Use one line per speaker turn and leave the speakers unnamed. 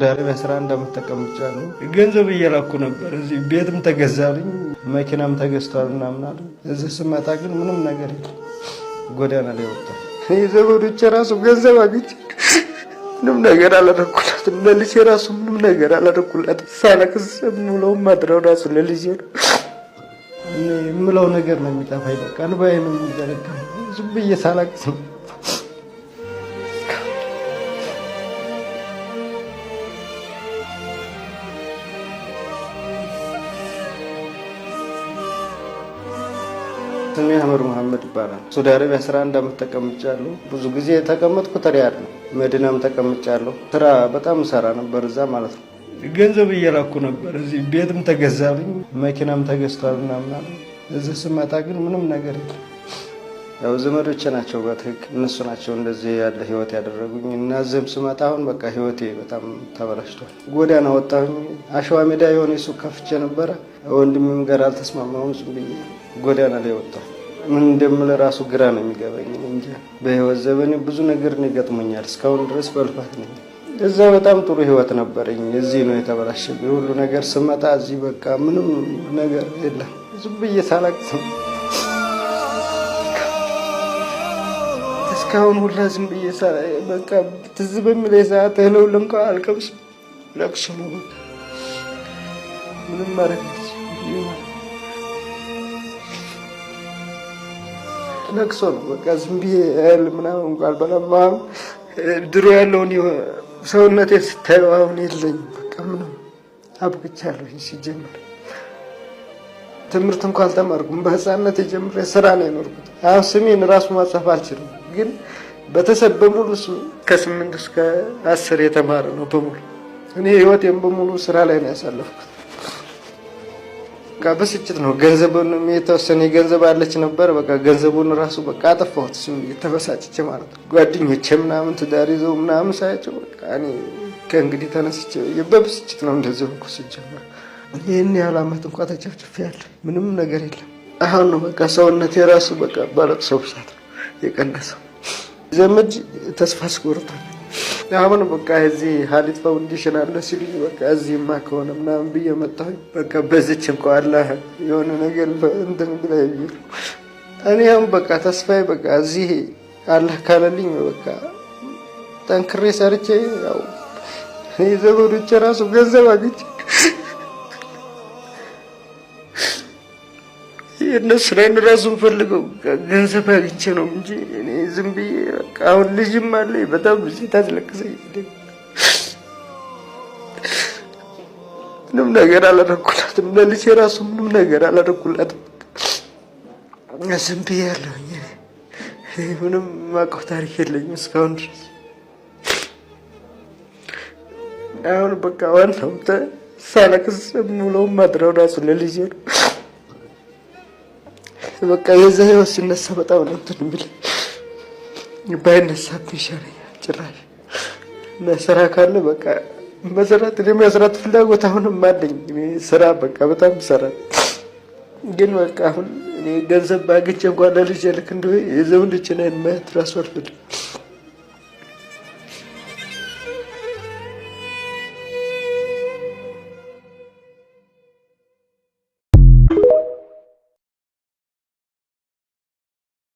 ዳሬ በስራ እንደምጠቀም ብቻ ነው። ገንዘብ እየላኩ ነበር። እዚህ ቤትም ተገዛልኝ መኪናም ተገዝቷል ምናምን አለ። እዚህ ስመጣ ግን ምንም ነገር የለም። ጎዳና ላይ ወጥቷል። የዘመዶቼ ራሱ ገንዘብ አግኝቼ ምንም ነገር አላደረኩላትም። ለልጄ ራሱ ምንም ነገር አላደረኩላትም። ሳለቅስ የምውለው ማድረው ራሱ ለልጄ ነው። የምለው ነገር ነው የሚጠፋኝ። በቃ እንባዬ ነው የሚዘረጋ። ዝም ብዬ ሳላቅስ ነው ስሜ አህመድ መሐመድ ይባላል። ሳውዲ አረቢያ 11 ዓመት ተቀምጫለሁ። ብዙ ጊዜ የተቀመጥኩ ተሪያድ ነው። መዲናም ተቀምጫለሁ። ስራ በጣም ሰራ ነበር እዛ ማለት ነው። ገንዘብ እየላኩ ነበር። እዚህ ቤትም ተገዛልኝ፣ መኪናም ተገዝቷል ምናምን። እዚህ ስመጣ ግን ምንም ነገር የለም። ያው ዘመዶች ናቸው በትክክል እነሱ ናቸው እንደዚህ ያለ ህይወት ያደረጉኝ እና ዝም ስመጣ አሁን በቃ ህይወቴ በጣም ተበላሽቷል። ጎዳና ወጣሁኝ። አሸዋ ሜዳ የሆነ ሱቅ ከፍቼ ነበረ። ወንድምም ጋር አልተስማማሁም። ዝም ብዬ ጎዳና ላይ ወጣሁ። ምን እንደምል ራሱ ግራ ነው የሚገባኝ። እንጂ በህይወት ዘመኔ ብዙ ነገር ይገጥሞኛል። እስካሁን ድረስ በልፋት ነኝ። እዛ በጣም ጥሩ ህይወት ነበረኝ። እዚህ ነው የተበላሸብኝ ሁሉ ነገር። ስመጣ እዚህ በቃ ምንም ነገር የለም። ዝም ብዬ ሳላቅስ እስካሁን ሁላ ዝም ብዬ በቃ ትዝ በሚለኝ ሰዓት እህለውን እንኳ አልቀምስ ለቅሶ ነው ምንም ማረግ ለቅሶ ነው በቃ ዝም ብዬ እህል ምናምን እንኳ አልበላም። ድሮ ያለውን ሰውነቴ ስታየው አሁን የለኝም። በቃ ምንም አብቅቻለሁ። ሲጀምር ትምህርት እንኳ አልተማርኩም። በህፃነት የጀምሬ ስራ ነው የኖርኩት። አሁን ስሜን ራሱ ማጻፍ አልችልም። ግን በተሰበሙ እሱ ከስምንት እስከ አስር የተማረ ነው በሙሉ። እኔ ህይወቴም በሙሉ ስራ ላይ ነው ያሳለፍኩት። በቃ ብስጭት ነው። ገንዘቡን የተወሰነ ገንዘብ አለች ነበር። በቃ ገንዘቡን ራሱ በቃ አጠፋሁት። እሱም ማለት ነው። ጓደኞቼ ምናምን ትዳር ይዘው ምናምን ሳያቸው በቃ እኔ ከእንግዲህ ተነስቼ በብስጭት ነው እንደዚህ ሆንኩ። ስጀምር ይህን ያህል አመት እንኳ ያለ ምንም ነገር የለም። አሁን ነው በቃ ሰውነት የራሱ በቃ ባለቅሶ ብዛት ነው። የቀነሰው። ዘመድ ተስፋ አስቆርቷል። አሁን በቃ እዚህ ሀሊት ፋውንዴሽን አለ ሲሉኝ በቃ እዚህማ ከሆነ ምናምን ብዬ መጣሁኝ። በቃ በዚች እንኳ አለ የሆነ ነገር እንትን ላይ እኔ አሁን በቃ ተስፋዬ በቃ እዚህ አላህ ካለልኝ በቃ ጠንክሬ ሰርቼ ያው የዘመዶቼ ራሱ ገንዘብ አግኝቼ የእነሱ ላይ ነው ራሱ ፈልገው ገንዘብ አግኝቼ ነው እንጂ እኔ ዝም ብዬ በቃ አሁን ልጅም አለ በጣም ብዙ ታስለቅሰኝ ምንም ነገር አላደረኩላትም። ለልጄ ራሱ ምንም ነገር አላደረኩላትም። ዝም ብዬ ያለሁኝ ምንም ማቀፍ ታሪክ የለኝም እስካሁን ድረስ። አሁን በቃ ዋናው ሳለቅስ የምውለው ማድረው ራሱ ለልጄ ነው። በቃ የዛ ህይወት ሲነሳ በጣም ነው እንትን የሚል ባይነሳብኝ ይሻለኛል። ጭራሽ እና ስራ ካለ በቃ መስራት የመስራት ፍላጎት አሁንም አለኝ። ስራ በቃ በጣም ሰራ ግን በቃ አሁን ገንዘብ ባግቼ እንኳን ለልጅ ልክ እንደሆ የዘውን ልጅ ነን ማየት ራሱ አልፈልግም።